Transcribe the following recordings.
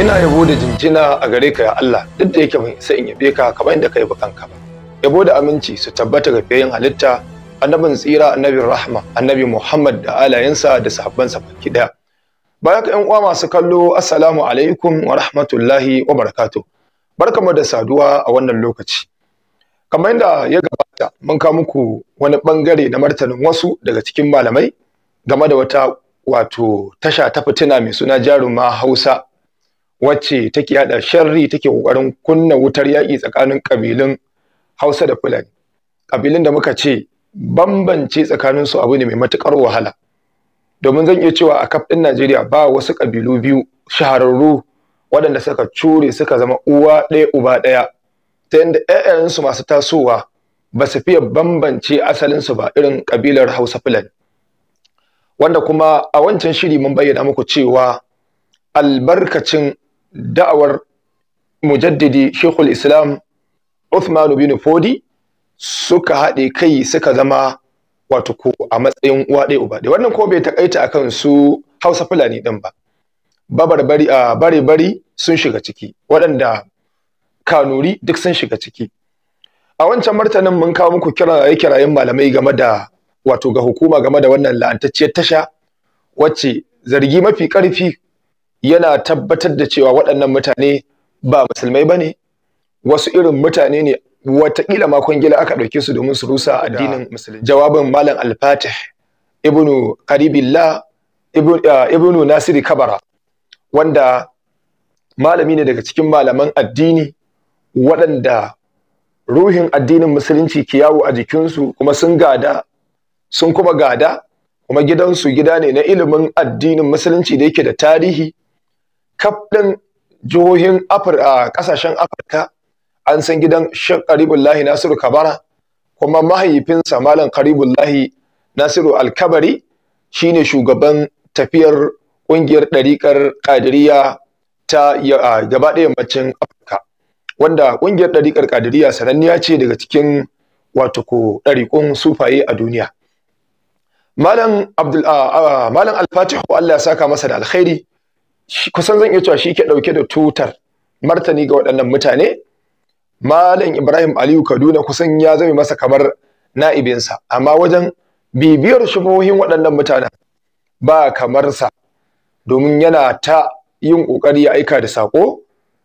ina yabo da jinjina a gare ka ya Allah duk da yake ban isa in yabe ka kamar yadda kai bakanka ba yabo da aminci su tabbata ga fiyayin halitta annabin tsira annabin rahma annabi Muhammad da alayensa da sahabbansa baki daya baya ka yan uwa masu kallo assalamu alaikum wa rahmatullahi wa barakatuh barkamu da saduwa a wannan lokaci kamar yadda ya gabata mun ka muku wani bangare na martanin wasu daga cikin malamai game da wata wato tasha ta fitina mai suna jaruma Hausa wacce take yada sharri take kokarin kunna wutar yaki tsakanin kabilun Hausa da Fulani kabilun da muka ce bambance tsakanin su abu ne mai matukar wahala domin zan iya cewa a kaf din Najeriya ba wasu kabilu biyu shahararru waɗanda suka cure suka zama uwa ɗaya uba ɗaya ta yadda ƴaƴansu masu tasowa ba su fiye bambance asalin su ba irin kabilar Hausa Fulani wanda kuma a wancan shiri mun bayyana muku cewa albarkacin da'awar mujaddidi shekul islam Uthman bin Fodi suka haɗe kai suka zama wato ko a matsayin uwa ɗaya uba ɗaya wannan ko bai takaita akan su Hausa Fulani ɗin ba babar bari a bare bari sun shiga ciki waɗanda kanuri duk sun shiga ciki a wancan martanin mun kawo muku kiraye kirayen malamai game da wato ga hukuma game da wannan la'antacciyar tasha wacce zargi mafi ƙarfi yana tabbatar da cewa waɗannan mutane ba musulmai ba ne wasu irin mutane ne watakila ma kwangila aka ɗauke su domin su rusa addinin musulunci jawabin malam al-fatih ibnu qaribillah ibnu kabara wanda malami ne daga cikin malaman addini waɗanda ruhin addinin musulunci ke yawo a jikinsu kuma sun gada sun kuma gada kuma gidansu gida ne na ilimin addinin musulunci da yake da tarihi kaf ɗin a ƙasashen afirka an san gidan shek lahi nasiru kabara kuma mahaifinsa malam karibullahi nasiru alkabari shine shugaban tafiyar ƙungiyar ɗariƙar ƙadiriya ta gaba ɗaya yammacin afirka wanda ƙungiyar ɗariƙar ƙadiriya sananniya ce daga cikin wato ko ɗariƙun sufaye a duniya malam abdul malam alfatihu Allah ya saka masa da alkhairi kusan zan iya cewa shi ke ɗauke da tutar martani ga waɗannan mutane malam ibrahim aliyu kaduna kusan ya zame masa kamar na'ibinsa amma wajen bibiyar shubohin waɗannan mutanen ba kamar sa domin yana ta yin ƙoƙari ya aika da saƙo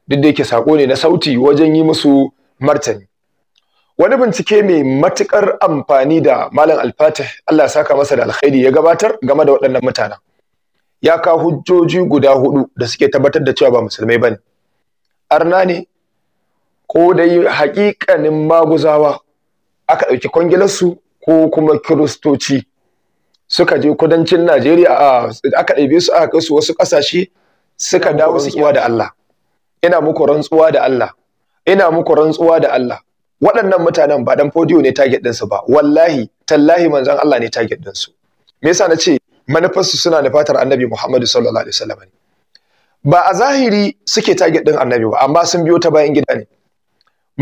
duk da yake saƙo ne na sauti wajen yi musu martani wani bincike mai matuƙar amfani da malam alfatih allah ya saka masa da alkhairi ya gabatar game da waɗannan mutanen ya kawo hujjoji guda hudu da suke tabbatar da cewa ba musulmai bane arna ne ko dai haƙiƙanin maguzawa aka ɗauki kwangilarsu ko kuma kiristoci suka je kudancin najeriya A aka ɗaibe su aka kai su wasu ƙasashe suka dawo rantsuwa da allah ina muku rantsuwa da allah ina muku rantsuwa da allah waɗannan mutanen ba dan fodiyo ne target ɗinsu ba wallahi tallahi manzon allah ne target ɗinsu me yasa na ce manufarsu suna da fatar annabi Muhammadu sallallahu alaihi wasallam ne ba a zahiri suke target din annabi ba amma sun biyo ta bayan gida ne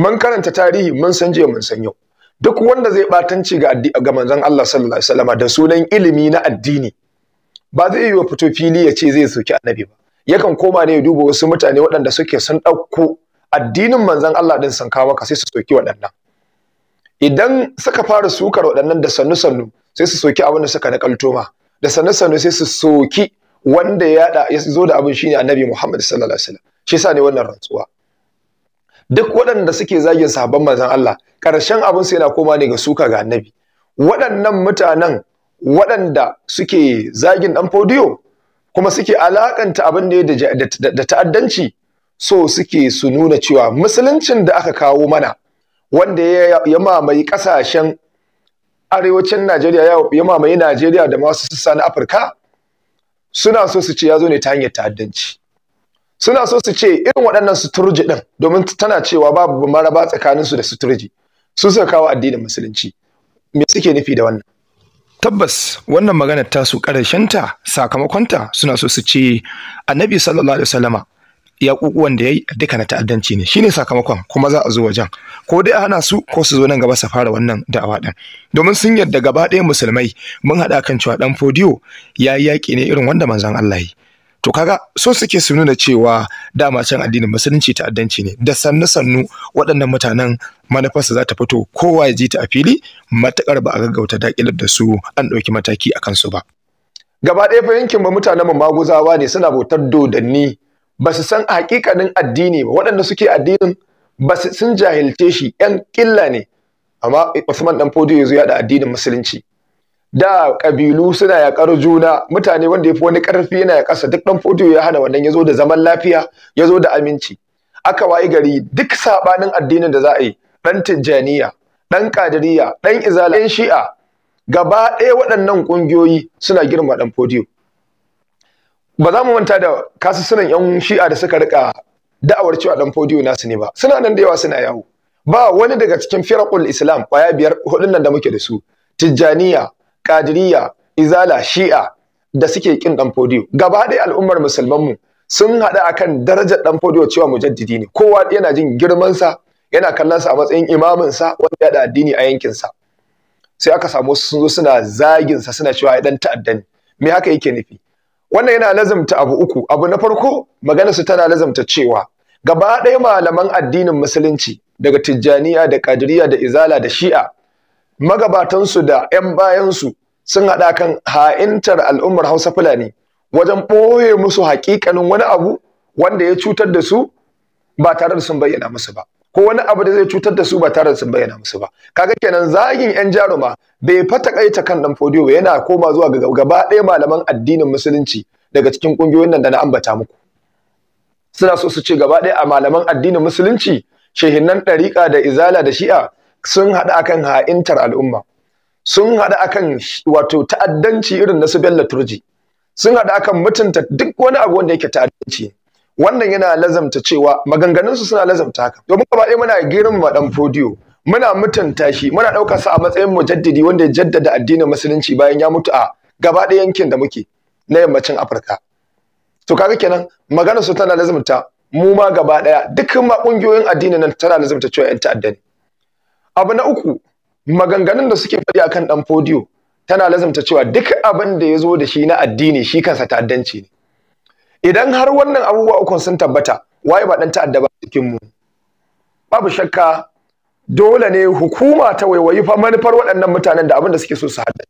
mun karanta tarihi mun san jiya mun san yau duk wanda zai batanci ga ga manzon Allah sallallahu alaihi wasallam da sunan ilimi na addini ba zai yi fito fili ya ce zai soki annabi ba yakan koma ne ya duba wasu mutane waɗanda suke sun ɗauko addinin manzon Allah din sun kawo maka sai su soki waɗannan idan suka fara sukar waɗannan da sannu sannu sai su soki abin da suka nakalto ma da sanar sanu sai su soki wanda ya zo da abin shine annabi Muhammad sallallahu alaihi wasallam shi yasa ne wannan rantsuwa duk waɗanda suke zagin sabon manzon Allah ƙarshen abin su yana koma ne ga suka ga annabi waɗannan mutanen waɗanda suke zagin dan fodiyo kuma suke alakanta abin da ta'addanci so suke su nuna cewa musuluncin da aka kawo mana wanda ya mamaye ƙasashen arewacin Najeriya ya mamaye Najeriya da masu sassa na Afirka suna so su ce ya zo ne ta hanyar ta'addanci suna so su ce irin waɗannan suturji ɗin domin tana cewa babu maraba tsakaninsu da suturji su suka kawo addinin musulunci me suke nufi da wannan tabbas wannan maganar tasu ƙarshenta sakamakonta suna so su ce annabi sallallahu alaihi wasallama kukuwan da yi duka na ta'addanci ne shine sakamakon kuma za a zo wajen ko dai a hana su ko su zo nan gaba su fara wannan da'awa din domin sun yarda gaba ɗaya musulmai mun haɗa kan cewa ɗan fodiyo ya yi yaƙi ne irin wanda manzan Allah yi to kaga so suke su nuna cewa dama can addinin musulunci ta'addanci ne da sannu sannu waɗannan mutanen manufarsa za ta fito kowa ya ji ta a fili matuƙar ba a gaggauta daƙilar da su an ɗauki mataki a kansu ba gaba ɗaya fa yankin ba mutanen maguzawa ne suna bautar dodanni ba su san hakikanin addini ba waɗanda suke addinin ba su sun jahilce shi yan ƙilla ne amma Usman dan Fodio yazo ya da addinin musulunci da kabilu suna yakar juna mutane wanda yafi wani karfi yana ya kasa duk dan Fodi ya hana wannan yazo da zaman lafiya ya zo da aminci aka wayi gari duk sabanin addinin da za a yi dan Tijjaniya dan Kadiriya dan Izala dan Shi'a gaba ɗaya waɗannan ƙungiyoyi suna girma ɗan Fodi ba za mu manta da sunan yan shi'a da suka rika da'awar cewa dan fodiyo nasu ne ba suna nan da yawa suna yawo ba wani daga cikin firaqul islam kwaya biyar hudun nan da muke da su tijjaniya qadiriyya izala shi'a da suke kin dan fodiyo gaba ɗaya al'ummar musulman mu sun haɗu akan darajar dan fodiyo cewa mujaddidi ne kowa yana jin girman sa yana kallon sa a matsayin imamin sa wanda ya da addini a yankin sa sai aka samu sun zo suna zagin sa suna cewa ya dan ta'addani me haka yake nufi wannan yana lazamta abu uku abu na farko maganar su tana lazamta cewa gaba ɗaya malaman addinin musulunci daga tijjaniya da kadiriya da izala da shi'a magabatansu da 'yan bayansu sun haɗa kan ha'intar al'ummar hausa fulani wajen ɓoye musu haƙiƙanin wani abu wanda ya cutar da su ba tare da sun bayyana musu ba ko wani abu da zai cutar da su ba tare da sun bayyana musu ba kaga kenan zagin yan jaruma bai fatakaita kan dan fodiyo ba yana koma zuwa ga gaba ɗaya malaman addinin musulunci daga cikin kungiyoyin nan da na ambata muku suna so su ce gaba ɗaya a malaman addinin musulunci shehinnan ɗariƙa da izala da shi'a sun haɗu akan ha'intar al'umma sun haɗu akan wato ta'addanci irin na su Bello Turji sun haɗu akan mutunta duk wani abu wanda yake ta'addanci wannan yana lazamta cewa maganganunsu suna lazamta haka domin gaba ɗaya muna girin maɗan fodiyo muna mutunta shi muna ɗauka sa a matsayin mujaddidi wanda ya jaddada addinin musulunci bayan ya mutu a gaba ɗaya yankin da muke na yammacin Afirka to kaga kenan maganar su tana lazamta mu ma gaba ɗaya dukkan ma ƙungiyoyin addinin nan tana lazamta cewa yan ta'adda ne abu na uku maganganun da suke faɗi akan ɗan fodiyo tana lazamta cewa duk abin da ya zo da shi na addini shi kansa ta'addanci ne idan har wannan abubuwa uku sun tabbata waye ba dan ta'adda ba cikin mu babu shakka dole ne hukuma ta waiwayi fa manufar waɗannan mutanen da abin da suke so su haddace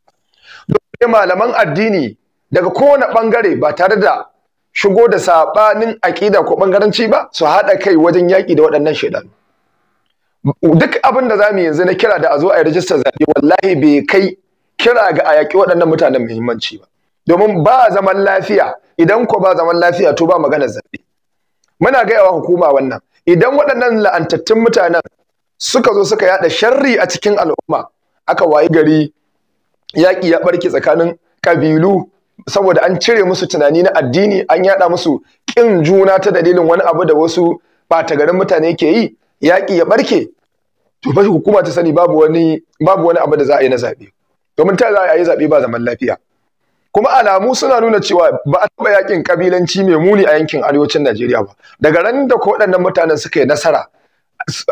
dole malaman addini daga kowane bangare ba tare da shigo da sabanin aƙida ko bangaranci ba su haɗa kai wajen yaki da waɗannan shaidan duk abin da zamu yanzu na kira da a zo a yi rajistar zaɓe wallahi bai kai kira ga a yaƙi waɗannan mutanen muhimmanci ba domin ba zaman lafiya idan ko ba zaman lafiya to ba maganar zabe muna gaya wa hukuma wannan idan waɗannan la'antattun mutanen suka zo suka yada sharri a cikin al'umma aka wayi gari yaƙi ya ɓarke tsakanin kabilu saboda an cire musu tunani na addini an yada musu ƙin juna ta dalilin wani abu da wasu ɓata garin mutane ke yi yaƙi ya ɓarke to fa hukuma ta sani babu wani babu wani abu da za a yi na zabe domin ta za a yi zaɓe ba zaman lafiya kuma alamu suna nuna cewa ba a taɓa yakin kabilanci mai muni a yankin arewacin Najeriya ba daga ran da ko waɗannan mutanen suka yi nasara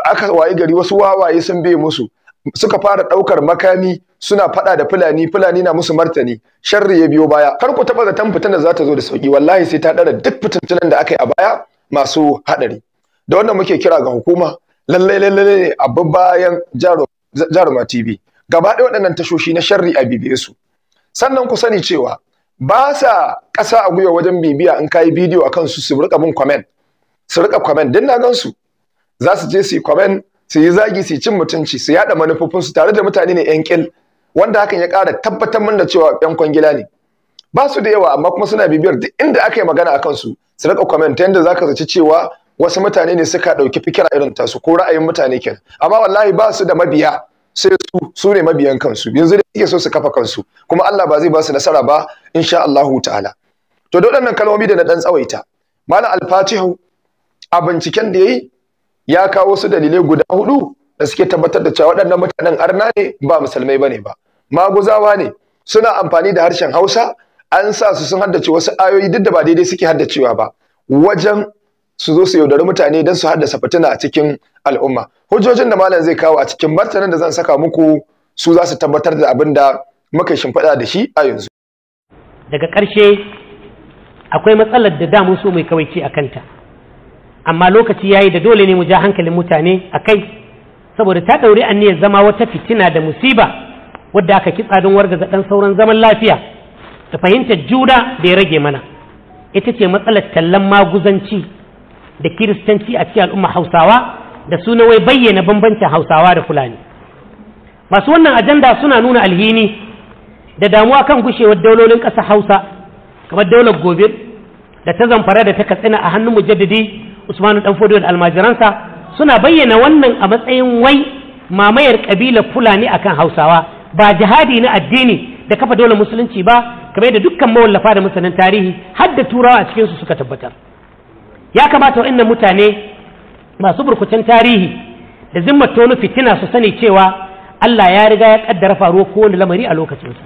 aka wayi gari wasu wawaye sun bai musu suka fara ɗaukar makami suna faɗa da fulani fulani na musu martani sharri ya biyo baya kar ku taɓa zaton fitan da za ta zo da sauki wallahi sai ta ɗara duk fitintunan da aka yi a baya masu haɗari da wannan muke kira ga hukuma lallai lallai ne a bayan jaruma tv gaba ɗaya waɗannan tashoshi na sharri a bibiye su sannan ku sani cewa ba sa ƙasa a gwiwa wajen bibiya in ka yi bidiyo a kansu su rika bin kwamen su rika kwamen din na gan su za su je su yi kwamen su yi zagi su yi cin mutunci su yaɗa manufofinsu, tare da mutane ne yan kil wanda hakan ya ƙara tabbatar min da cewa yan kwangila ne ba su da yawa amma kuma suna bibiyar duk inda aka yi magana a kansu su rika kwamen, ta yadda za ka zaci cewa wasu mutane ne suka ɗauki fikira irin tasu ko ra'ayin mutane kenan amma wallahi ba su da mabiya sai su su ne mabiyan kansu yanzu da suke so su kafa kansu kuma Allah ba zai ba su nasara ba insha Allahu ta'ala to da waɗannan kalmomi da na dan tsawaita malam al-fatihu a binciken da yayi ya kawo su dalilai guda hudu da suke tabbatar da cewa waɗannan mutanen arna ne ba musulmai bane ba maguzawa ne suna amfani da harshen Hausa an sa su sun haddace wasu ayoyi duk da ba daidai suke haddacewa ba wajen su zo su yaudari mutane don su haddasa fitina a cikin al'umma hujjojin da malam zai kawo a cikin martanin da zan saka muku su za su tabbatar da abin da muka shimfiɗa da shi a yanzu daga ƙarshe akwai matsalar da damun so mai kawaici a kanta amma lokaci ya yi da dole ne mu ja hankalin mutane a kai saboda ta ɗauri aniyar zama wata fitina da musiba wadda aka kitsa don wargaza ɗan sauran zaman lafiya da fahimtar juna da ya rage mana ita ce matsalar tallan maguzanci da kiristanci a cikin al'umma hausawa da suna wai bayyana bambancin hausawa da fulani masu wannan ajanda suna nuna alhini da damuwa kan gushewar daulolin ƙasar hausa kamar daular gobir da ta zamfara da ta katsina a hannun mujaddidi usmanu fodo da almajiransa suna bayyana wannan a matsayin wai mamayar ƙabilar fulani akan hausawa ba jihadi na addini da kafa daular musulunci ba kamar da dukkan mawallafa da masanin tarihi har da turawa a cikinsu suka tabbatar ya kamata wa'annan mutane masu burkutan tarihi da zimmar tono fitina su sani cewa Allah ya riga ya kaddara faruwa kowane lamari a lokacinsa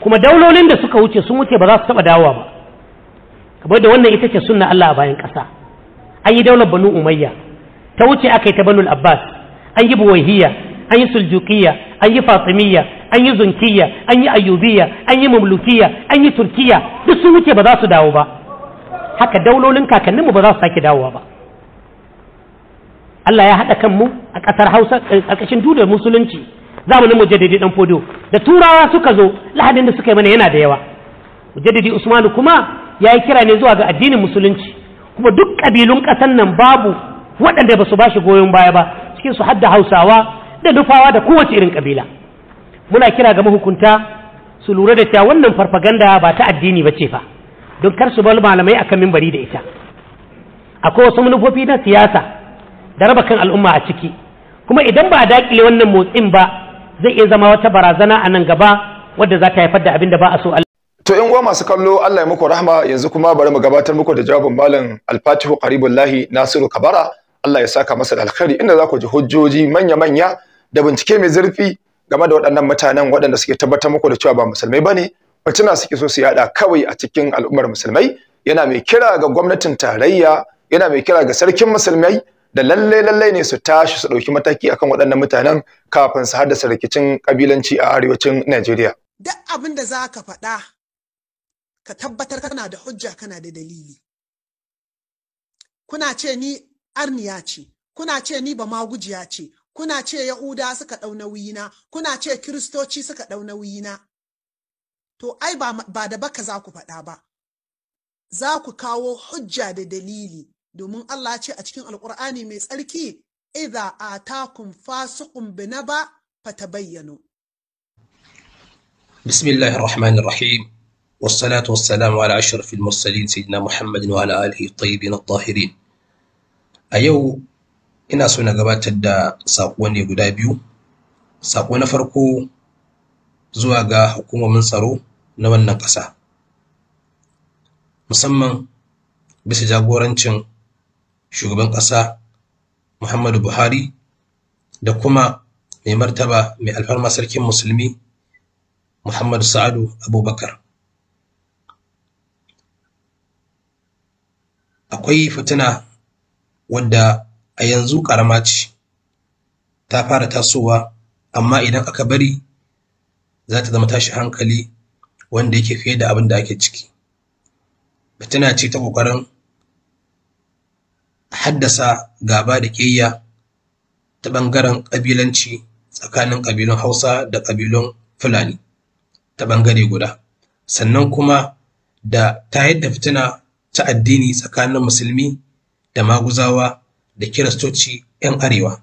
kuma daulolin da suka wuce sun wuce ba za su taba dawowa ba kamar da wannan ita ce sunna Allah a bayan ƙasa an yi daular banu umayya ta wuce aka yi ta banul abbas an yi buwaihiya an yi suljukiya an yi fatimiyya an yi Zunkiyya, an yi ayyubiya an yi mamlukiya an yi turkiya duk sun wuce ba za su dawo ba haka daulolin kakanninmu ba za su sake dawowa ba Allah ya haɗa kanmu a ƙasar Hausa ƙarƙashin dudar musulunci zamanin mujaddidi dan fodo da turawa suka zo lahadin da suka yi mana yana da yawa mujaddidi Usmanu kuma ya yi kira ne zuwa ga addinin musulunci kuma duk ƙabilun ƙasar nan babu waɗanda ba su ba shi goyon baya ba cikin su hadda Hausawa da dufawa da kowace irin ƙabila muna kira ga mahukunta su lura da cewa wannan farfaganda ba ta addini ba ce fa don kar su bar malamai akan mimbari da ita akwai wasu manufofi na siyasa da raba kan al'umma a ciki kuma idan ba a dakile wannan motsin ba zai iya zama wata barazana a nan gaba wadda za ta haifar da abin da ba a so Allah to in uwa masu kallo Allah ya muku rahma yanzu kuma bari mu gabatar muku da jawabin malam Al-Fatihu Qaribullahi Nasiru Kabara Allah ya saka masa da alkhairi inda za ku ji hujjoji manya-manya da bincike mai zurfi game da waɗannan mutanen waɗanda suke tabbatar muku da cewa ba musulmai ba ne. fitina suke so su yada kawai a cikin al'ummar musulmai yana mai kira ga gwamnatin tarayya yana mai kira ga sarkin musulmai da lalle lalle ne su tashi su ɗauki mataki akan waɗannan mutanen kafin su haddasa rikicin kabilanci a arewacin Najeriya. Duk abin da za faɗa ka tabbatar kana da hujja kana da dalili. Kuna ce ni arniya ce, kuna ce ni ba magujiya ce, kuna ce Yahuda suka dauna nauyina, kuna ce Kiristoci suka dauna nauyina. to ai ba da baka za ku faɗa ba za ku kawo hujja da dalili domin Allah ce a cikin alkur'ani mai tsarki idza atakum fasiqun binaba fatabayyanu bismillahir rahmanir rahim ala والسلام mursalin أشرف المرسلين سيدنا a وعلى آله الطيبين A yau ina so na gabatar da saƙo ne guda biyu saƙo na farko zuwa ga hukumomin tsaro na wannan ƙasa musamman bisa jagorancin shugaban ƙasa muhammadu buhari da kuma mai martaba mai alfarma sarkin musulmi muhammadu sa'adu abubakar akwai fitina wadda a yanzu ƙarama ce ta fara tasowa amma idan aka bari za ta zama tashi hankali wanda yake fiye da abin da ake ciki fitina ce ta ƙoƙarin haddasa gaba da ƙiyya ta ɓangaren ƙabilanci tsakanin ƙabilun hausa da ƙabilun fulani ta ɓangare guda sannan kuma da ta yadda fitina ta addini tsakanin musulmi da maguzawa da kiristoci 'yan arewa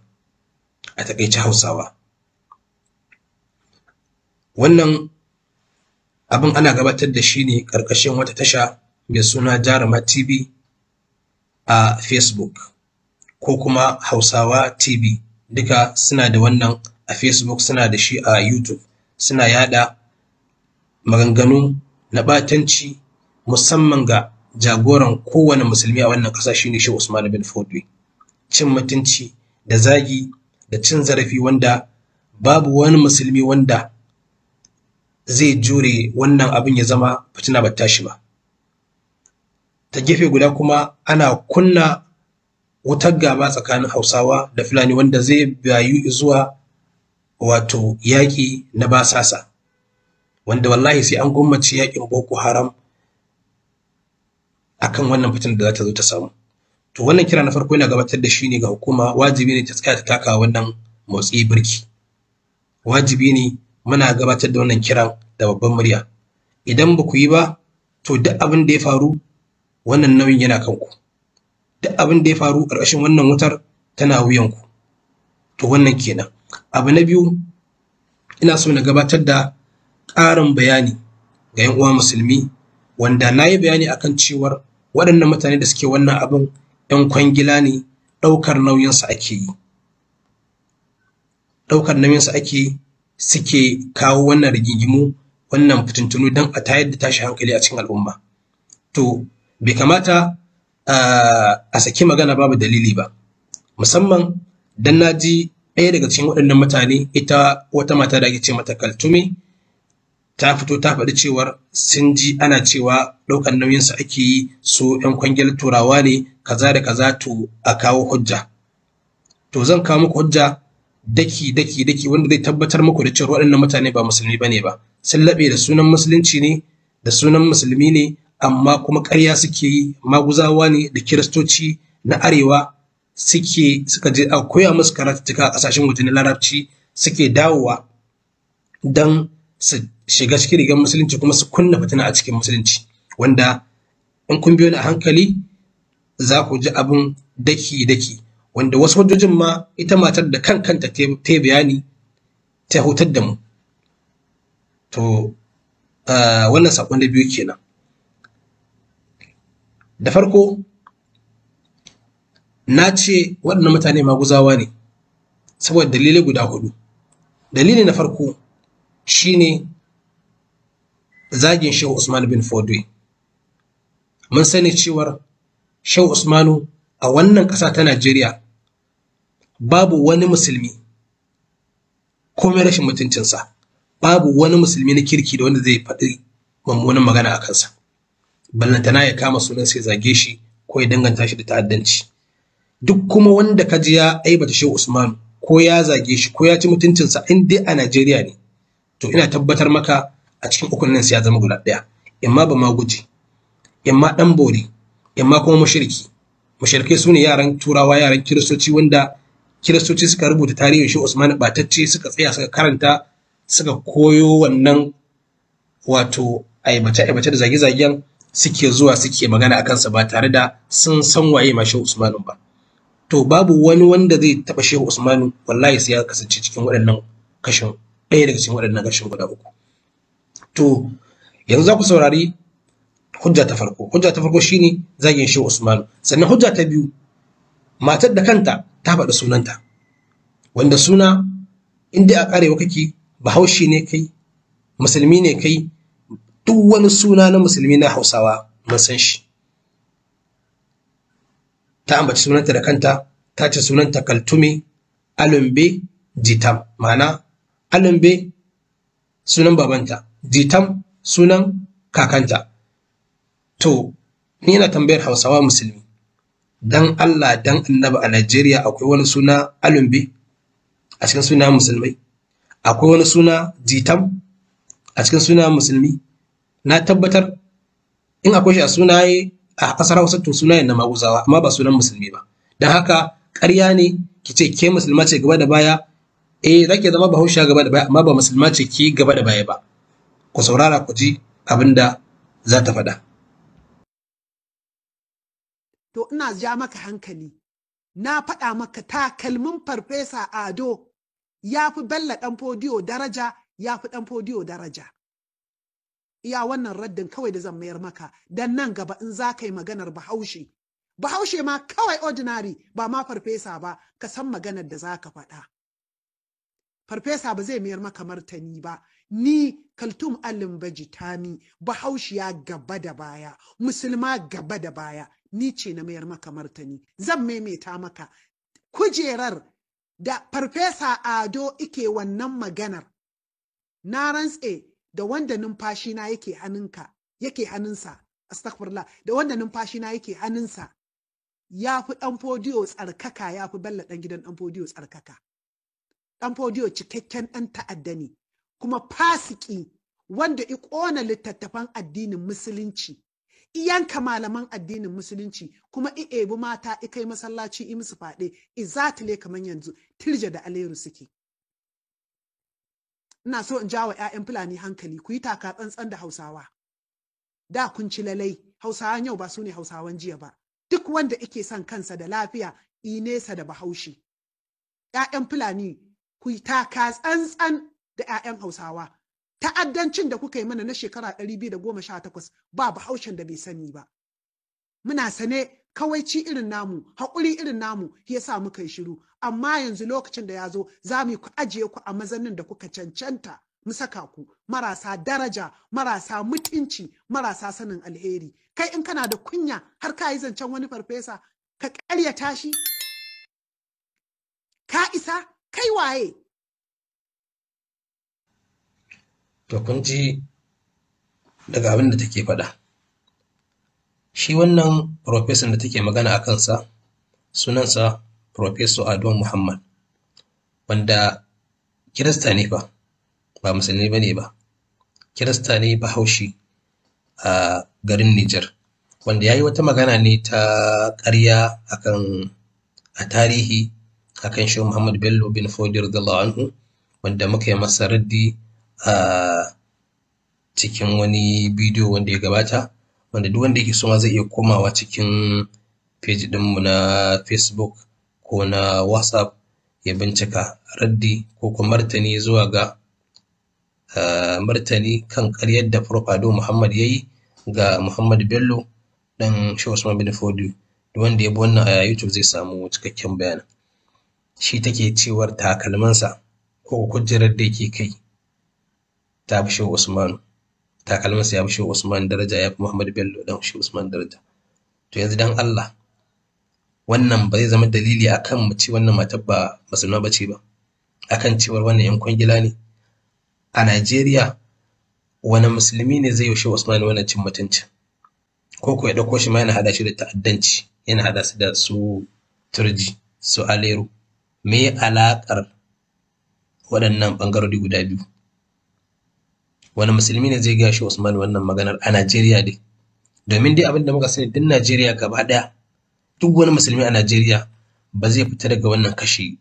a taƙaice hausawa wannan abin ana gabatar da shi ne ƙarƙashin wata tasha mai suna jaruma tv a facebook ko kuma hausawa tv duka suna da wannan a facebook suna da shi a youtube suna yada maganganu na batanci musamman ga jagoran kowane musulmi a wannan ƙasa shine shi usman bin fodwe cin mutunci da zagi da cin zarafi wanda babu wani musulmi wanda zai jure wannan abin ya zama fitina ba tashi ba ta gefe guda kuma ana kunna wutar gaba tsakanin hausawa da fulani wanda zai bayu zuwa wato yaƙi na basasa wanda wallahi sai an gwammaci yaƙin boko haram akan wannan fitin da za ta zo ta samu to wannan kira na farko yana gabatar da shi ne ga hukuma wajibi ne ta tsaya ta taka wannan motsi birki wajibi ne muna gabatar da wannan kiran da babban murya idan ba ku yi ba to duk abin da ya faru wannan nauyin yana kanku duk abin da ya faru ƙarƙashin wannan wutar tana wuyanku to wannan kenan abu na biyu ina so na gabatar da ƙarin bayani ga 'yan uwa musulmi wanda na yi bayani akan cewar waɗannan mutane da suke wannan abin 'yan kwangila ne ɗaukar nauyinsa ake yi ɗaukar nauyinsa ake yi suke kawo wannan rigingimu wannan fitintunu don a tayar da tashi hankali a cikin al'umma to bai kamata a saki magana babu dalili ba musamman don na ji ɗaya daga cikin waɗannan mutane ita wata mata da ake ce mata kaltume ta fito ta faɗi cewar sun ji ana cewa ɗaukar nauyinsu ake yi su 'yan kwangilar turawa ne kaza da kaza to a kawo hujja to zan kawo muku hujja daki daki daki wanda zai tabbatar muku da cewa waɗannan mutane ba musulmi ba ne ba sun laɓe da sunan musulunci ne da sunan musulmi ne amma kuma karya suke yi maguzawa ne da kiristoci na arewa suke suka je a koya musu cika a ƙasashen waje na larabci suke dawowa don su shiga cikin rigar musulunci kuma su kunna fitina a cikin musulunci wanda in kun biyo ni a hankali za ku ji abin daki-daki wanda wasu hujjojin ma ita matar da kan kanta ta bayani ta hutar da mu to wannan saƙon da biyu kenan da farko na ce waɗannan mutane maguzawa ne saboda dalilai guda hudu dalili na farko shine zagin shehu usman bin fordway mun sani cewar shehu usmanu a wannan ƙasa ta najeriya babu wani musulmi komai rashin mutuncinsa babu wani musulmi na kirki da wanda zai faɗi mummunan magana a kansa ballantana ya kama sunan sai zage shi ko ya danganta shi da ta'addanci duk kuma wanda ka ji ya aibata shi usman ko ya zage shi ko ya ci mutuncinsa in dai a najeriya ne to ina tabbatar maka a cikin ukun nan ya zama guda ɗaya imma ba ma guji imma ɗan bori imma kuma mushriki mushrikai su ne yaran turawa yaran kiristoci wanda kiristoci suka rubuta tarihin shi usman batacce suka tsaya suka karanta suka koyo wannan wato aibace aibace da zage-zagen suke zuwa suke magana a kansa ba tare da sun san waye ma shehu usmanu ba to babu wani wanda zai taba shehu usmanu wallahi sai ya kasance cikin waɗannan kashin ɗaya daga cikin waɗannan kashin guda uku to yanzu za ku saurari hujja ta farko hujja ta farko shine zagin shehu usmanu sannan hujja ta biyu matar da kanta ta faɗi sunanta wanda suna inda a ƙarewa kake bahaushe ne kai musulmi ne kai duk wani suna na musulmi na hausawa mun san shi ta ambaci sunanta da kanta ta ce sunanta kaltume alumbe jitam ma'ana alumbe sunan babanta jitam sunan kakanta to ni yana tambayar hausawa musulmi dan Allah dan annabi a Najeriya akwai wani suna alumbi a cikin suna musulmai akwai wani suna jitam a cikin suna musulmi na tabbatar in akwai shi a sunaye a kasar Hausa to sunayen na maguzawa amma ba sunan musulmi ba dan haka ƙarya ne ki ce ke musulma ce gaba da baya eh zake zama bahaushe gaba da baya amma ba musulma ce ki gaba da baya ba ku saurara ku ji abin da za ta faɗa to ina ja maka hankali na faɗa maka takalmin farfesa ado ya fi bella ɗan fodiyo daraja ya fi ɗan fodiyo daraja iya wannan raddin kawai da zan mayar maka dan nan gaba in za ka yi maganar bahaushe bahaushe ma kawai ordinary ba ma farfesa ba ka san maganar da za ka faɗa farfesa ba zai mayar maka martani ba ni kaltum alin bajitami bahaushiya gaba da baya musulma gaba da baya ni ce na mayar maka martani zan maimaita maka kujerar da farfesa ado ike wannan maganar na rantse da wanda numfashina yake hannunka yake hannunsa astaghfirullah da wanda numfashina yake hannunsa ya fi ɗan fodiyo tsarkaka ya fi balla ɗan gidan ɗan fodiyo tsarkaka ɗan fodiyo cikakken ɗan ta'adda ne kuma fasiki wanda ya ƙona littattafan addinin musulunci iyanka malaman addinin musulunci kuma i'ebi mata i kai masallaci i musu faɗe izatile kamar yanzu tilja da aleru suke ina so in wa 'ya'yan fulani hankali ku yi taka tsantsan da hausawa da kun ci lalai hausawan yau ba su ne hausawan jiya ba duk wanda ike son kansa da lafiya i nesa da bahaushe 'ya'yan fulani ku yi taka tsantsan da 'ya'yan hausawa ta'addancin da kuka yi mana na shekara takwas, ba bahaushen da bai sani ba muna sane kawaici irin namu haƙuri irin namu ya sa muka yi shiru amma yanzu lokacin da ya zo za mu ku ajiye ku a mazanin da kuka cancanta mu saka ku marasa daraja marasa mutunci marasa sanin alheri kai in kana da kunya har ka yi zancen wani farfesa ka ƙaryata shi ka isa kai waye to kun ji daga abin da take faɗa shi wannan profesan da take magana a kansa sunansa profesor adon muhammad wanda kirista ne ba, ba musulmi ba ne ba kirista ne bahaushe a garin nijar wanda ya yi wata magana ne ta ƙarya akan a tarihi akan shi muhammad bello bin Fodir da wanda muka yi masa raddi a cikin wani bidiyo wanda ya gabata wanda duk wanda yake so ma zai iya komawa cikin page ɗinmu na facebook ko na whatsapp ya bincika raddi ko kuma martani zuwa ga martani kan karyar da farfado muhammad ya yi ga muhammad bello dan shi usman bin fodiyo wanda ya bi wannan a youtube zai samu cikakken bayanin shi take cewar takalmansa ko kujerar da yake kai ta fi shehu usman takalminsa ya fi shehu usman daraja ya fi muhammad bello dan shehu usman daraja to yanzu dan allah wannan ba zai zama dalili akan mu ci wannan matar ba musulma bace ba akan cewar wannan yan kwangila ne a najeriya wani musulmi ne zai yaushe usman wannan cin mutunci ko ko ya dauko shi ma yana hada shi da ta'addanci yana hada su da su turji su aleru me alakar waɗannan ɓangarori guda biyu wani musulmi ne zai gaya shi Usman wannan maganar a Najeriya dai domin dai abin da muka sani din Najeriya gaba ɗaya, duk wani musulmi a Najeriya ba zai fita daga wannan kashi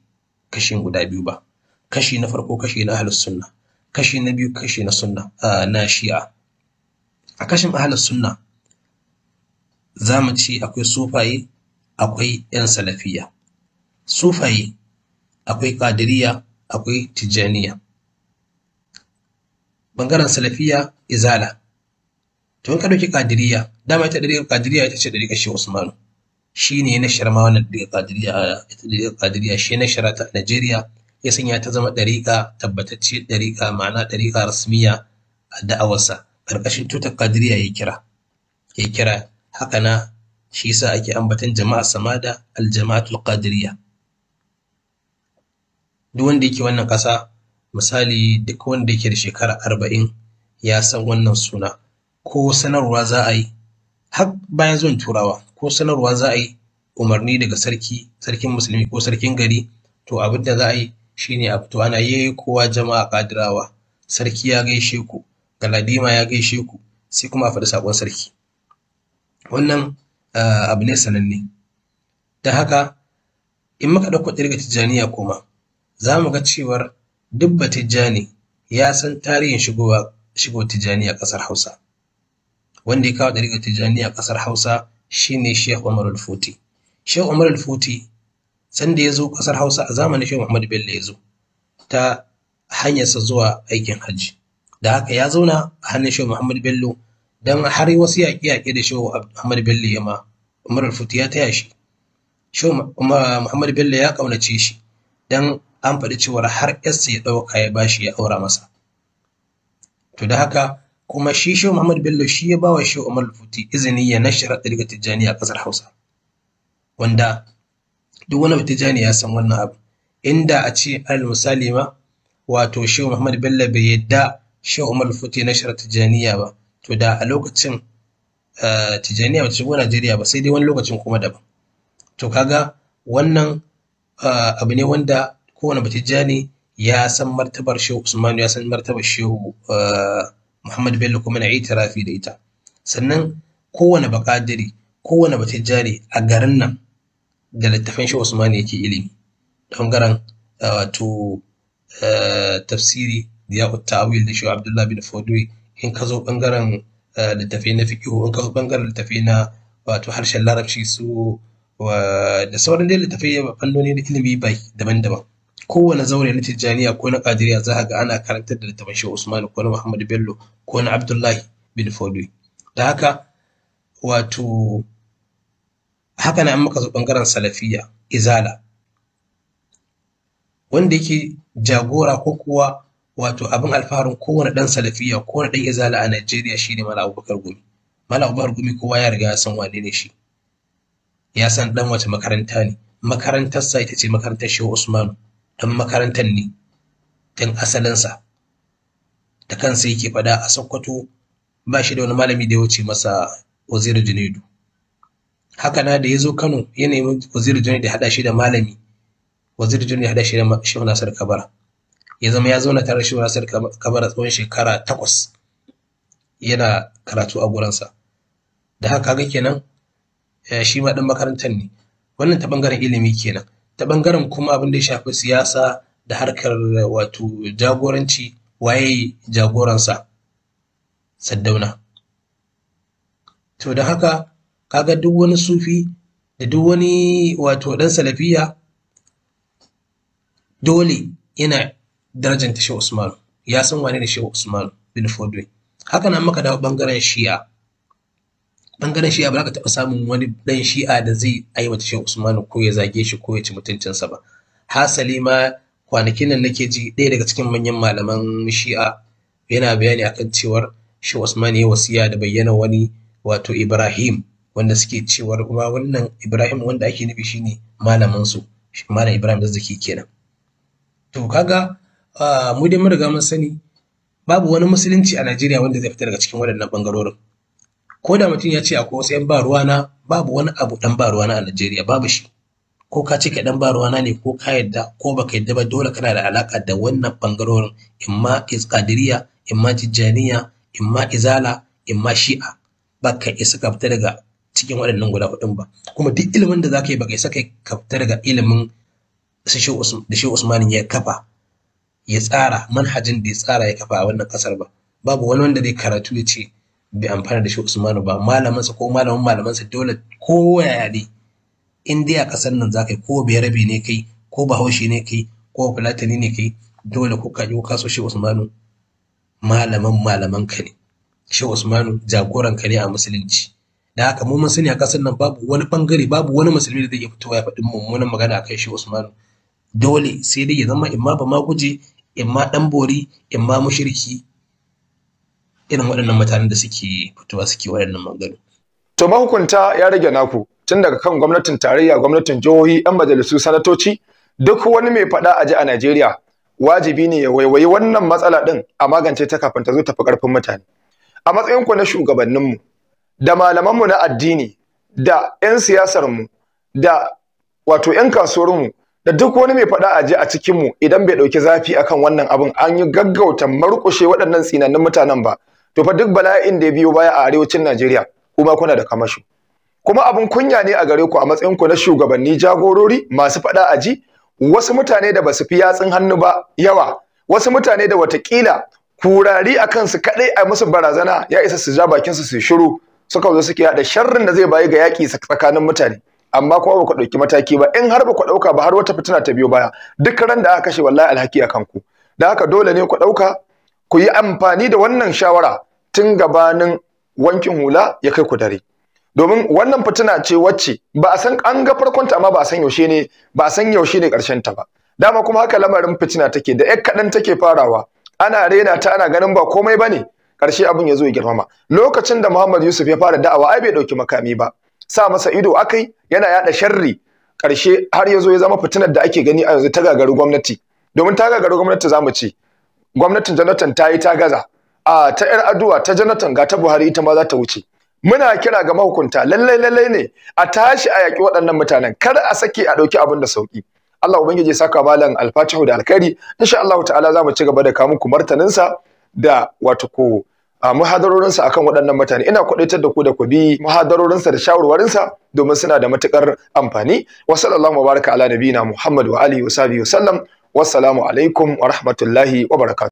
kashin guda biyu ba kashi na farko kashi na ahlus sunna kashi na biyu kashi na sunna na shi'a a kashin ahlus sunna za mu ce akwai sufaye akwai 'yan salafiya sufaye akwai ƙadiriya akwai tijjaniya bangaren salafiya izala to in ka dauki kadiriya dama ita dariƙar kadiriya ita ce dariƙar shi usmanu shi ne na sharma wannan dariƙar kadiriya ita dariƙar kadiriya shi na shirata a najeriya ya sanya ta zama dariƙa tabbatacce dariƙa ma'ana dariƙa rasmiya a da'awarsa ƙarƙashin tutar kadiriya ya kira ya kira haka na shi yasa ake ambaton jama'a samada aljama'atul qadiriyya duk wanda yake wannan ƙasa misali duk wanda yake da shekara arba'in ya san wannan suna ko sanarwa za a yi har bayan zuwan turawa ko sanarwa za a yi umarni daga sarki sarkin musulmi ko sarkin gari to abin da za a yi shine a fito ana yi kowa jama'a kadirawa sarki ya gaishe ku galadima ya gaishe ku sai kuma a faɗi saƙon sarki wannan ah, abu ne sananne Ta haka in muka ɗauko ɗirga tijjaniya kuma za mu ga cewar Duk Tijjani ya san tarihin shigo Tijjani a ƙasar Hausa. Wanda ya kawo ɗariƙar a ƙasar Hausa shi ne Sheikh Umar Al-Futi. Sheikh Umar Al-Futi sanda ya zo ƙasar Hausa a zamanin Sheikh Muhammad Bello ya zo ta hanyarsa zuwa aikin hajji. Da haka ya zauna a hannun Sheikh Muhammad Bello don har wasu yaƙe-yaƙe da Sheikh Muhammad Bello ya ma Umar Al-Futi ya taya shi. Sheikh Muhammad Bello ya ƙaunace shi don an faɗi cewar har yarsa ya ɗauka ya bashi ya aura masa to da haka kuma shi shehu muhammad bello shi ya ba wa shehu umar Lufuti izini ya nashara ɗirga tijjani a ƙasar hausa wanda duk wani tijjani ya san wannan abu inda a ce alal misali ma wato shehu muhammad bello bai yadda shehu umar futi nashara tijjaniya ba to da a lokacin eh, tijjaniya ba ta shigo najeriya ba sai dai wani lokacin kuma daban to kaga wannan eh, abu ne wanda kowane tijjani ya san martabar shehu usman ya san martabar shehu eh, muhammad bello kuma na itirafi da ita sannan kowane kadiri kowane tijjani a garin nan da littafin shehu usman yake ilimi bangaren eh, wato eh, tafsiri ya awil da shehu abdullahi bin fodwe in ka zo bangaren littafi na fikihu in ka zo bangaren littafi na wato harshen larabci su da sauran dai littafai fannoni na ilimi bai daban-daban kowane zaure na tijjaniya ko na kadiriya za a ga ana karantar da littafin shehu usman ko na muhammad bello ko na abdullahi bin fodui da haka wato haka na maka zo bangaren salafiya izala wanda yake jagora ko kuwa wato abin alfaharin kowane dan salafiya kowane dan izala a najeriya shine Malam abubakar gumi Malam abubakar gumi kowa ya riga ya san wane ne shi ya san dan wace makaranta ne makarantarsa ita ce makarantar shehu usmanu ɗan makarantar ne asalin asalinsa da kansa yake faɗa a sokoto ba shi da wani malami da ya wuce masa waziri junaidu haka na da ya zo kano ya nemi waziri junaidu haɗa shi da malami waziri junaidu haɗa shi da shehu nasir kabara ya zama ya zauna tare da shehu nasir kabara tsawon shekara takwas yana karatu a gurinsa da haka ga kenan eh, shi ma ɗan makarantar ne wannan ta bangaren ilimi kenan ta ɓangaren kuma abin da ya shafi siyasa da harkar wato jagoranci waye jagoransa saddauna to da haka kaga duk wani sufi da duk wani wato dan salafiya dole yana darajanta shehu usman ya san wane ne shehu usman bin fodwe haka nan maka dawo bangaren shi'a ɓangaren shi'a ba za ka taɓa samun wani ɗan shi'a da zai aiwata shi usmanu ko ya zage shi ko ya ci mutuncinsa ba hasali ma kwanakin nan nake ji ɗaya daga cikin manyan malaman shi'a yana bayani akan cewar shi usman ya wasiya da bayyana wani wato ibrahim wanda suke cewar kuma wannan ibrahim wanda ake nufi shine malamin su malam ibrahim da zaki kenan to kaga ah, mu dai mun riga mun sani babu wani musulunci a najeriya wanda zai fita daga cikin waɗannan bangarorin ko da mutum ya ce akwai wasu 'yan ba ruwana babu wani abu dan ba ruwana a Najeriya babu shi ko ka ce dan ba ruwana ne ko ka yadda ko baka yadda ba dole kana da alaka da wannan bangarorin imma isqadiriya imma tijjaniya imma izala imma shi'a baka isa ka fita daga cikin waɗannan guda hudun ba kuma duk ilimin da zaka yi baka isa ka fita daga ilimin da shi Usman ya kafa ya tsara manhajin da ya tsara ya kafa a wannan kasar ba babu wani wanda zai karatu ya ce bai amfana da shi Usmanu ba malamansa ko malamin malamansa dole ko yaya ne in dai a ƙasar nan za ka yi ko biyarabe ne kai ko bahaushe ne kai ko fulatani ne kai dole ko kaji ko so shi Usmanu malaman malaman ka ne shi Usmanu jagoran ka ne a musulunci da haka mu mun sani a ƙasar nan babu wani bangare babu wani musulmi da zai iya fitowa ya faɗi mummunan magana kai shi Usmanu dole sai dai ya zama imma ba ma guje imma dan bori imma mushriki irin waɗannan mutanen da suke fitowa suke waɗannan maganganu. To mahukunta ya rage naku tun daga kan gwamnatin tarayya gwamnatin jihohi 'yan majalisu sanatoci duk wani mai faɗa a ji a Najeriya wajibi ne ya waiwayi wannan matsala ɗin a magance ta kafin ta zo tafi ƙarfin mutane. A matsayinku na shugabanninmu da malamanmu na addini da 'yan siyasarmu da wato 'yan kasuwarmu da duk wani mai faɗa a ji a cikinmu idan bai ɗauki zafi akan wannan abin an yi gaggauta marƙushe waɗannan tsinannin mutanen ba to fa duk bala'in da ya biyo baya a arewacin Najeriya kuma kuna da kamashi kuma abin kunya ne a gare ku a matsayin ku na shugabanni jagorori masu fada aji wasu mutane da basu fi yatsun hannu ba yawa wasu mutane da watakila kurari a kansu kadai a musu barazana ya isa su ja bakin su su shiru suka zo suke hada sharrin da zai bayi ga yaki tsakanin mutane amma kuma ba ku ɗauki mataki ba in har ba ku ɗauka ba har wata fitina ta biyo baya duk ran da aka kashe wallahi alhaki akan ku. da haka dole ne ku ɗauka ku yi amfani da wannan shawara tun gabanin wankin hula ya kai ku dare domin wannan fitina ce wacce ba a san an ga farkon amma ba a san yaushe ne ba a san yaushe ne karshen ta ba dama kuma haka lamarin fitina take da ƴar kaɗan take farawa ana rena ta ana ganin ba komai bane ƙarshe abin ya zo ya girmama lokacin da Muhammad Yusuf ya fara da'awa ai bai ɗauki makami ba sa masa ido akai yana yaɗa sharri ƙarshe har ya zo ya zama fitinar da ake gani a yanzu ta gagaru gwamnati domin ta gagaru gwamnati za mu ce gwamnatin Jonathan ta yi ta gaza a ta yar addu'a ta janatan ga ta Buhari ita ma za ta wuce muna kira ga mahukunta lallai lallai ne a tashi a yaƙi waɗannan mutanen kar a sake a ɗauki abin da sauƙi Allah ubangiji ya saka malam alfatihu da alkhairi insha Allah ta'ala za mu ci gaba da kawo muku martanin sa da wato ko muhadarorin sa akan waɗannan mutane ina kwadaitar da ku da ku bi muhadarorin sa da shawarwarin sa domin suna da matukar amfani wa sallallahu baraka ala nabiyina Muhammad wa alihi wa sahbihi wa sallam wassalamu alaikum wa rahmatullahi wa barakatuh